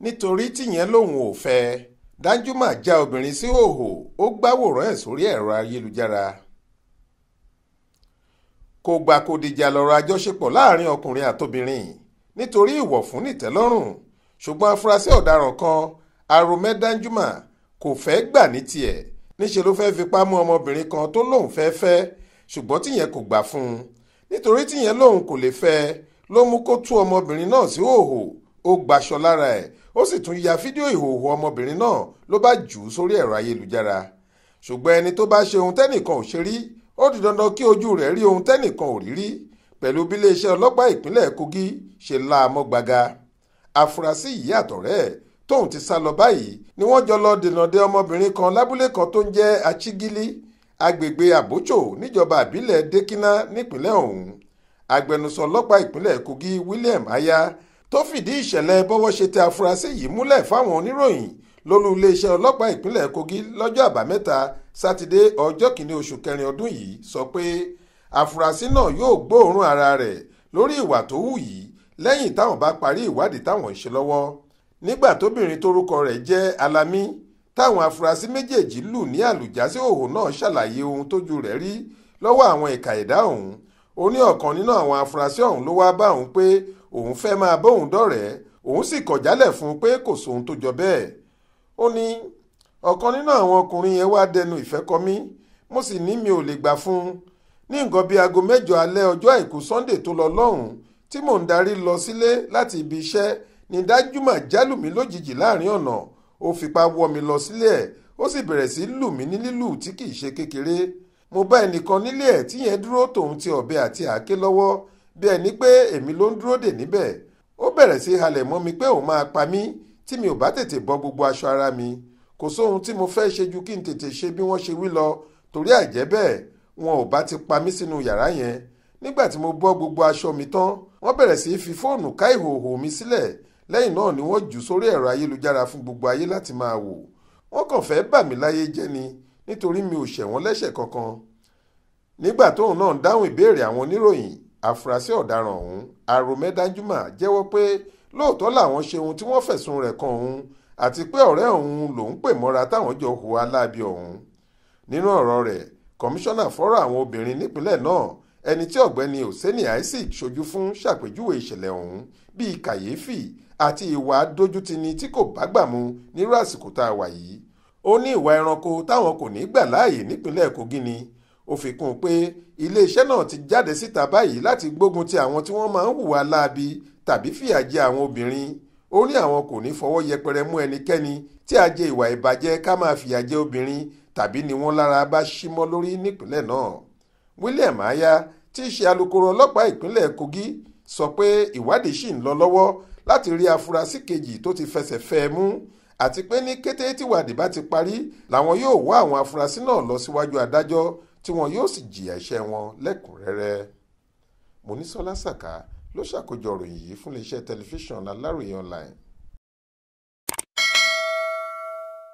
nítorí tíyẹn lòun ò fẹ́ Danjuma já obìnrin sí hòhò ó gbàwòrán ẹ̀ sórí ẹ̀rọ ayélujára kò gbà kò dìjà lọ́rọ̀ àjọṣepọ̀ láàrin ọkùnrin àtobìnrin nítorí ìwọ̀fún nìtẹ́lọ́rùn ṣùgbọ́n afurasí ọ̀daràn kan Arome Danjuma kò fẹ́ gbà ní tiẹ̀ níṣẹ́ ló fẹ́ẹ́ fipá mú ọmọbìnrin kan tó lóun fẹ́ fẹ́ ṣùgbọ́n tíyẹn kò gbà fún un nítorí tíyẹn lóun kò lè fẹ́ ló mú kó tú ọmọbìnrin náà sí hòhò ó gbaṣọ lára ẹ̀ ó sì tún ya fídíò ìhòòhò ọmọbìnrin náà ló bá jù ú sórí ẹ̀rọ ayélujára ṣùgbọ́n ẹni tó bá ṣe ohun tẹ́nìkan ò ṣe rí ó di dandan kí ojú rẹ̀ rí ohun tẹ́nìkan ò rí rí pẹ̀lú bí iléeṣẹ́ ọlọ́pàá ìpínlẹ̀ Kogi ṣe la amọ́ gbaga afurasí yìí àtọ̀rẹ́ ẹ̀ tóun ti sá lọ báyìí ni wọ́n jọ lọ dènà de ọmọbìnrin kan lábúlé kan tó ń jẹ́ Achigili agbègbè Àbóchò níjọba àbílẹ̀ Dekina nípínlẹ̀ ọ̀hún agbẹnusọ ọlọ́pàá ìpínlẹ̀ Kogi William Aya tó fìdí ìṣẹ̀lẹ̀ bọ́wọ́ ṣe tẹ afurasí yìí múlẹ̀ fáwọn oníròyìn lólú iléeṣẹ́ ọlọ́pàá ìpínlẹ̀ Kogi lọ́jọ́ àbámẹ́ta sátidé ọjọ́ kìíní oṣù kẹrin ọdún yìí sọ pé afurasí náà yóò gbóòórùn ara rẹ̀ lórí ìwà tó hù yìí lẹ́yìn táwọn bá parí ìwádìí táwọn ń ṣe lọ́wọ́ nígbà tóbìnrin torúkọ rẹ̀ jẹ́ Alamí táwọn afurasí méjèèjì lù ní àlùjá òhò náà ṣàlàyé ohun tójú rẹ̀ rí lọ́wọ́ àwọn ìka ẹ̀dá ọ̀hún ó ní ọ̀kan nínú àwọn afurasí ọ̀hún ló wáá bá òun pé òun fẹ́ máa bóun dọ̀rẹ́ òun sì kọ̀ jálẹ̀ fún un pé kò sóhun tó jọ bẹ́ẹ̀ ó ní ọ̀kan nínú àwọn ọkùnrin yẹn wá dẹnu ìfẹ́ kọ mí mo sì ní mi ò lè gbà fún un ní nǹkan bíi aago mẹ́jọ alẹ́ ọjọ́ àìkú Sunday tó lọ lọ́hùn-ún tí mò ń darí lọ sílé láti ibi iṣẹ́ ni Dájúmọ̀ jálù mí lójijì láàrin ọ̀nà ó fipá wọ́ mi lọ sílé ẹ̀ ó sì bẹ̀rẹ̀ sí lù mí ní lílù tí kì í ṣe kékeré mo bá ẹnìkan nílé ẹ̀ tíyẹn dúró tòun ti ọ̀bẹ àti àáké lọ́wọ́ bí ẹni pé èmi ló ń dúró dè níbẹ̀ ó bẹ̀rẹ̀ sí halẹ̀ mọ́ mi pé òun máa pa mí tí mi ò bá tètè bọ́ gbogbo aṣọ ara mi kò sóhun tí mo fẹ́ ṣe ju kí n tètè ṣe bí wọ́n ṣe wí lọ torí àìjẹ́ bẹ́ẹ̀ wọn ò bá ti pa mí sínú yàrá yẹn nígbà tí mo bọ́ gbogbo aṣọ mi tán wọ́n bẹ̀rẹ̀ sí fi fóònù ká ìhòòhò mi sílẹ̀ lẹ́yìn náà ni wọ́n jù sórí ẹ̀rọ ayélujára fún gbogbo ayé láti máa wò wọ́n kàn fẹ́ bà mí láyé jẹ́ ni nítorí mi ò ṣẹ̀ wọ́n lẹ́ṣẹ̀ kankan nígbà tóun náà dáhùn ìbéèrè àwọn oníròyìn afurasí ọ̀daràn ọ̀hún aromẹ́dájúmà jẹ́wọ́ pé lóòótọ́ làwọn ṣe ohun tí wọ́n fẹ̀sùn rẹ̀ kan òun àti pé ọ̀rẹ́ òun lòún pè mọ́ra táwọn jọ hùwà aláàbí ọ̀hún nínú ọ̀rọ̀ rẹ̀ kọmíṣánná fọ́rọ̀ àwọn obìnrin nípínlẹ̀ náà ẹni tí ọ̀gbẹ́ni Hosseini Isaac ṣojú fún ṣàpèjúwe ìṣẹ̀lẹ̀ ọ̀hún bíi kàyéfì àti ìwà dójútini tí kò bágbà mu nírú àsìkò tá a wà yìí ó ní ìwà ẹranko táwọn kò ní gbà láàyè nípínlẹ̀ kogi ni ó fi kún un pé iléeṣẹ́ náà ti jáde síta báyìí láti gbógun ti àwọn tí wọ́n máa ń hùwà láabi tàbí fìyà jẹ àwọn obìnrin ó ní àwọn kò ní fọwọ́ yẹpẹrẹ mú ẹnikẹ́ni tí a jẹ ìwà ìbàjẹ́ ká máa fìyà jẹ obìnrin tàbí ni wọ́n lára bá símọ́ lórí nípínlẹ̀ náà William Aya tí í ṣe alukoro ọlọ́pàá ìpínlẹ̀ Kogi sọ pé ìwádìí ṣì ń lọ lọ́wọ́ láti rí afurasí kejì tó ti fẹsẹ̀ fẹ́ mú àti pé ní kété tíwádìí bá ti parí làwọn yóò wá àwọn afurasí náà lọ síwájú adájọ́ tí wọn yóò sì jìyà iṣẹ́ wọn lẹ́kùnrẹ́rẹ́ Monísọ́lá Sàká ló ṣàkójọ ìròyìn yìí fún iléeṣẹ́ tẹlifíṣàn Aláròye online